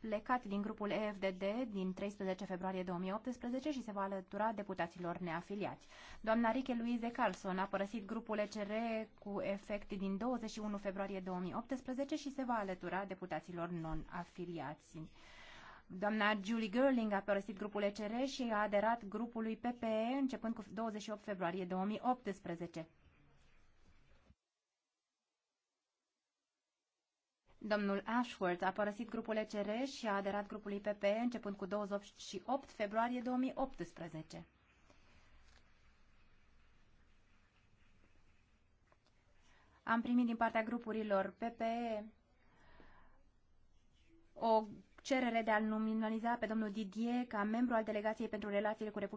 plecat din grupul EFDD din 13 februarie 2018 și se va alătura deputaților neafiliați. Doamna Rike Luize Carlson a părăsit grupul ECR cu efect din 21 februarie 2018 și se va alătura deputaților non-afiliați. Doamna Julie Gerling a părăsit grupul ECR și a aderat grupului PPE începând cu 28 februarie 2018. Domnul Ashworth a părăsit grupul ECR și a aderat grupului PP începând cu 28 februarie 2018. Am primit din partea grupurilor PP o cerere de a l nominaliza pe domnul Didier ca membru al delegației pentru relațiile cu Republica